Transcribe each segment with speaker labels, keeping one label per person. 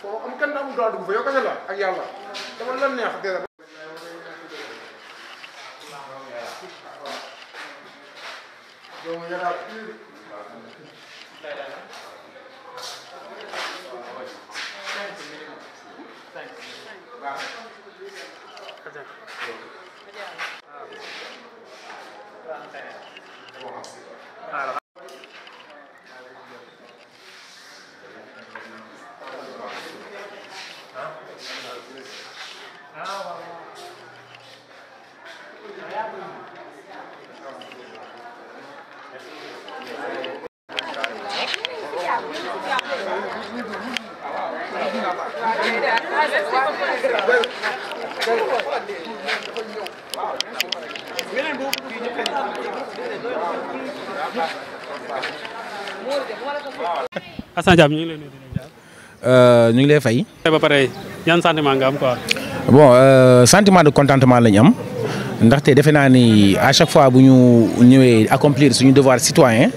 Speaker 1: foo am kenn amul droit dugg fa yow la ak dama lan neex Assane Diam ñu ngi lay nuyu di la euh, ñu ngi lay fay. ba pare yan sentiment nga am quoi. bon euh, sentiment de contentement la ñu am ndaxte defe naa ni à chaque fois bu ñu ñëwee accomplir suñu devoir citoyen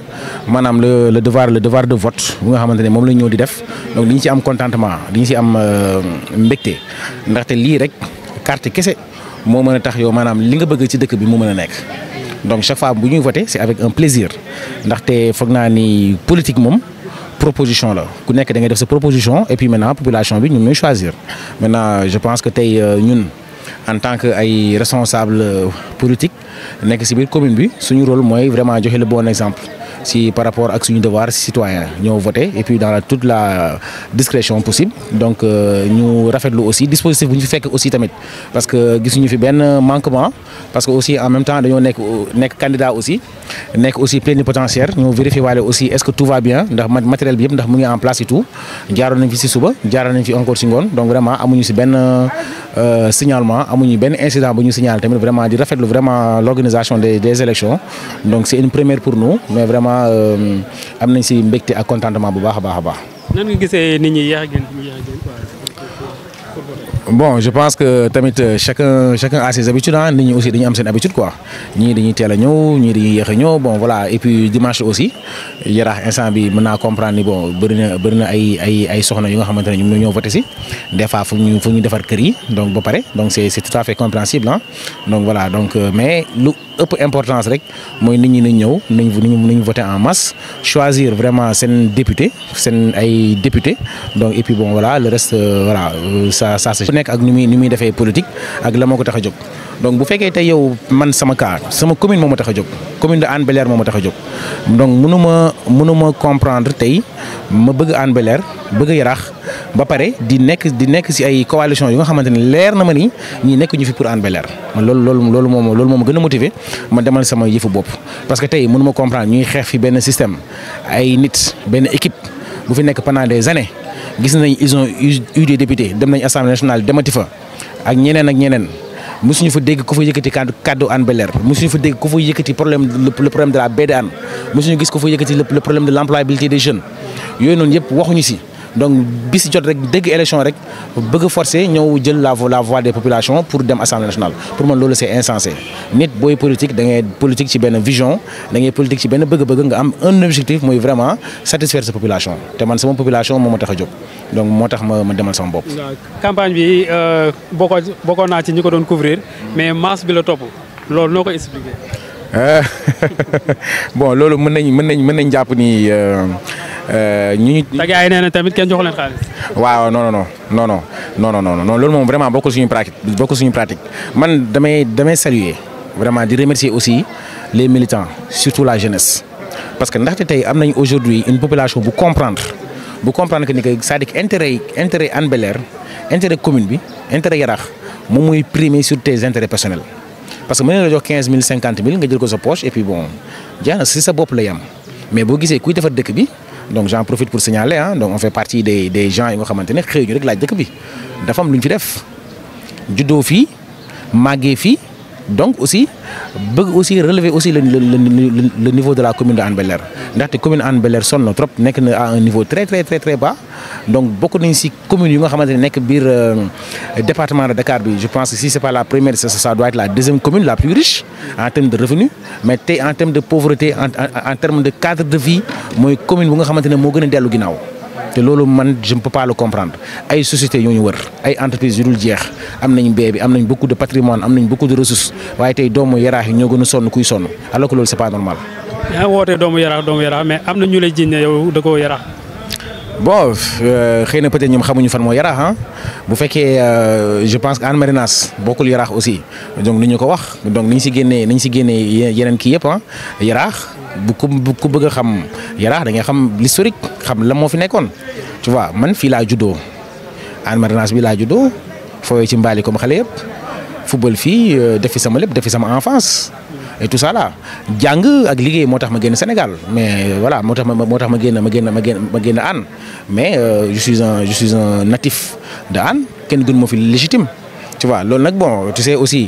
Speaker 1: maanaam le le devoir le devoir de vote bu nga xamante ne moom la ñëw di def donc li ñu ci am contentement li ñu ci am euh, mbégte ndaxte lii rek carte kese moo mën a tax yow maanaam li nga bëgg ci dëkk bi mu mën a donc chaque fois bu ñuy voté c'est avec un plaisir ndaxte foog naa ni politique moom proposition là ku nek da ngay def proposition et puis maintenant population bi ñun choisir maintenant je pense que tay euh, ñun en tant que ay responsable euh, politique nek comme biir commune bi suñu rôle moy vraiment joxe le bon exemple par rapport ce que devoir citoyen citoyens, voter, et puis dans la toute la discrétion possible donc nous euh, rafetlu aussi dispositif nous aussi tamit parce que nous fi bien manquement parce que aussi en même temps nous sommes candidats candidat aussi nekk aussi plein de potentiel. Nous vérifions aussi est-ce que tout va bien le matériel bien, nous ndax en place et tout jaaroon nañ fi si suba encore singon, donc vraiment amuñu avons benn euh, signalement amuñu benn incident bu ñu tamit vraiment nous rafetlu vraiment l'organisation des des élections donc c'est une première pour nous mais vraiment vraiment euh, am nañ si mbégte a contentement bu baax a baax a baax. nan nit ñi a a génn bon je pense que tamit euh, chacun chacun a ses habitudes ah aussi ni am ses habitudes quoi ni ni teel a ni ñii bon voilà et puis dimanche aussi y instant bi mën naa comprendre ni bon bëri na bëri na ay ay ay soxna yu nga xamante ne ñoo voté si des fois fu ñu ñu defar kër yi donc ba pare donc c'est c'est tout à fait compréhensible Hein. donc voilà donc euh, mais lu peu importance rek moy nit ñi nañ ñëw nañ nañ voté en masse choisir vraiment sen député sen ay député donc et puis bon voilà le reste euh, voilà ça ça c'est nekk ak nu muy nu muy defee politique ak la moo ko tax donc bu fekkee tey yow man sama cas sama commune moo ma tax a jóg commune de Hann Bel-Air moo ma tax a jóg donc mënu ma comprendre tey ma bëgg Hann bel bëgg Yarax ba pare di nekk di nekk si ay coalition yu nga xamante ne leer na ma ni ñi nekk ñu fi pour Hann Bel-Air man loolu loolu loolu moom loolu moom gën a ma demal sama yëfu bopp parce que tey mënu ma comprendre ñuy xeex fi benn système ay nit benn équipe bu fi nekk pendant des années gis nañ ils ont eu des députés dem nañ assemblée nationale demati fa ak ñeneen ak ñeneen mosuñu fa dégg ku fa yëkkati kaddu kaddu Hann Bel-Air fa dégg ku fa yëkkati problème le problème de la baie de Hann gis ku fa yëkkati le problème de l' employabilité des yooyu noonu yëpp waxuñu si. donc bis jot rek dégg élection rek bëgg forcer ñëw jël la la voix des populations pour dem assemblée nationale pour man lolu c'est insensé nit boy politique da ngay politique ci ben vision da ngay politique ci ben bëgg-bëgg nga am un objectif moy vraiment satisfaire sa population Té man sama population moo ma tax donc motax ma ma demal sama bop. campagne bi euh boko boko na ci ñiko ko doon couvrir mais masse bi la top. Lolu noko expliquer euh, bon lolu mën nañ mën nañ mën nañ japp ni. euh euh, ñu. te gars tamit kenn joxu leen waaw non non non non non non non loolu moom vraiment bokkul suñu pratique bokkul suñu pratique man damay demain saluer vraiment di remercier aussi les militants surtout la jeunesse. parce que ndaxte tey am aujourd'hui une population bu comprendre bu comprendre que c'est-à-dire intérêt intérêt Hann Bel-Air intérêt commune bi intérêt Yarax mom moy primer sur tes intérêts personnels. parce que mën la jox quinze mille cinquante mille nga jël ko sa poche et puis bon diana si sa bop la yam mais bo gisé kuy defar dëkk bi donc j'en profite pour signaler hein. donc on fait partie des des gens qui vont xamante ne de ñu rek laaj fait bi qu'on a fait donc aussi bëgg aussi relever aussi le niveau de la commune de Hann Dans La commune Hann nous sommes à un niveau très très très très bas donc beaucoup nañ communes commune yu nga le euh, département de Dakar je pense que si c'est pas la première ça doit être la deuxième commune la plus riche en termes de revenus mais en termes de pauvreté en termes de cadre de vie moy commune bu nga xamante mo gëna de te loolu man je ne peux pas le comprendre ay société ñoo ñu wër ay entreprises yu dul jeex am nañ bi am beaucoup de patrimoine am beaucoup de ressources waaye tey doomu yaraax yi ñoo gën a sonn kuy sonn alors que loolu c'est pas normal. yaa ngi wootee doomu yaraax doomu yaraax mais am na ñu lay jiñ ne yow da koo yaraax. bon euh, xëy na peut-être ñoom xamuñu fan moo yaraax ah bu fekkee euh, je pense que Hann Marinas bokkul yaraax aussi donc ni ñu ko wax donc ni ñu si génnee ni ñu si génnee yeneen kii yëpp ah yaraax bu ku bëgg xam yaraax da ngay xam l'historique xam la mo fi nekkoon tu vois man fi la judo Hann Madanaass bi la judo fooyee ci mbaali comme xale yëpp football fii euh, defi sama lépp defi sama enfance et tout ça là jang ak liggéey motax ma génn Sénégal mais voilà motax ma motax ma génn ma génn ma génn an mais euh, je suis un je suis un natif de an ken gën mo fi légitime tu vois loolu nak bon tu sais aussi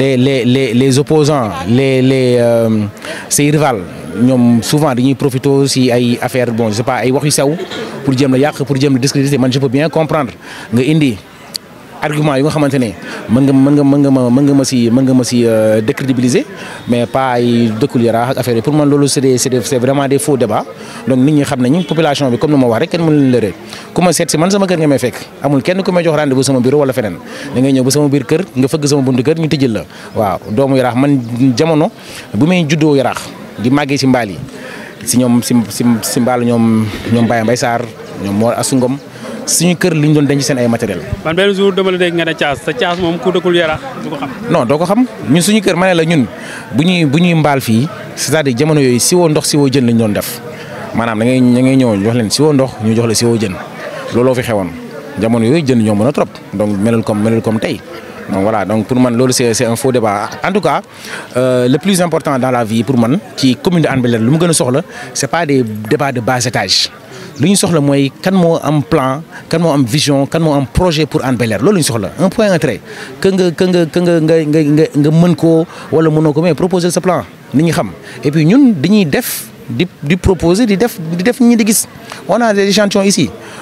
Speaker 1: les les les les opposants les les euh, ses rivales ñom souvent dañuy profiter si ay affaire bon je sais pas ay waxi yu sew pour djem la yak pour djem la discréditer man je peux bien comprendre nga indi argument yu nga xamantene man nga man nga man nga ma nga ma si man nga ma si euh, décrédibiliser mais pas ay dëkkul yara ak affaire pour man lolu c'est c'est vraiment des faux débats donc nit ñi xam nañu population bi comme nous ma wax rek kenn mënu leen lëree ku ma seet si man sama kër nga may fekk amul kenn ku may jox rendez-vous sama bureau wala fenen da ngay ñëw ba sama biir kër nga fëgg sama buntu kër ñu tijjil la waaw doomu yaraax man jamono bu may juddoo yaraax di màggee si mbaal yi si ñoom si si si mbaalu ñoom ñoom Baye Mbaye Sarr ñoom Mor Assou Ngom suñu kër li ñu doon denc seen ay matériel man benn jour dama la dégg nga a caas sa caas moom ku dëkkul yara du ko xam. doo ko xam ñu suñu kër ma la ñun bu ñuy bu ñuy mbaal fii c'est-à-dire jamono yooyu si woo ndox si woo jën lañ doon def maanaam da ngay da ngay jox leen si ndox ñu jox la si woo looloo fi xewoon jamono yooyu jën ñoo mën a trop donc melul kom melul comme tey donc voilà donc pour moi, c'est un faux débat en tout cas euh, le plus important dans la vie pour qui est commune de Bel-Air pas des débats de bas étage Nous plan vision kan projet pour anne bel un point un trait que nga que plan et puis def proposer on a des échantillons ici.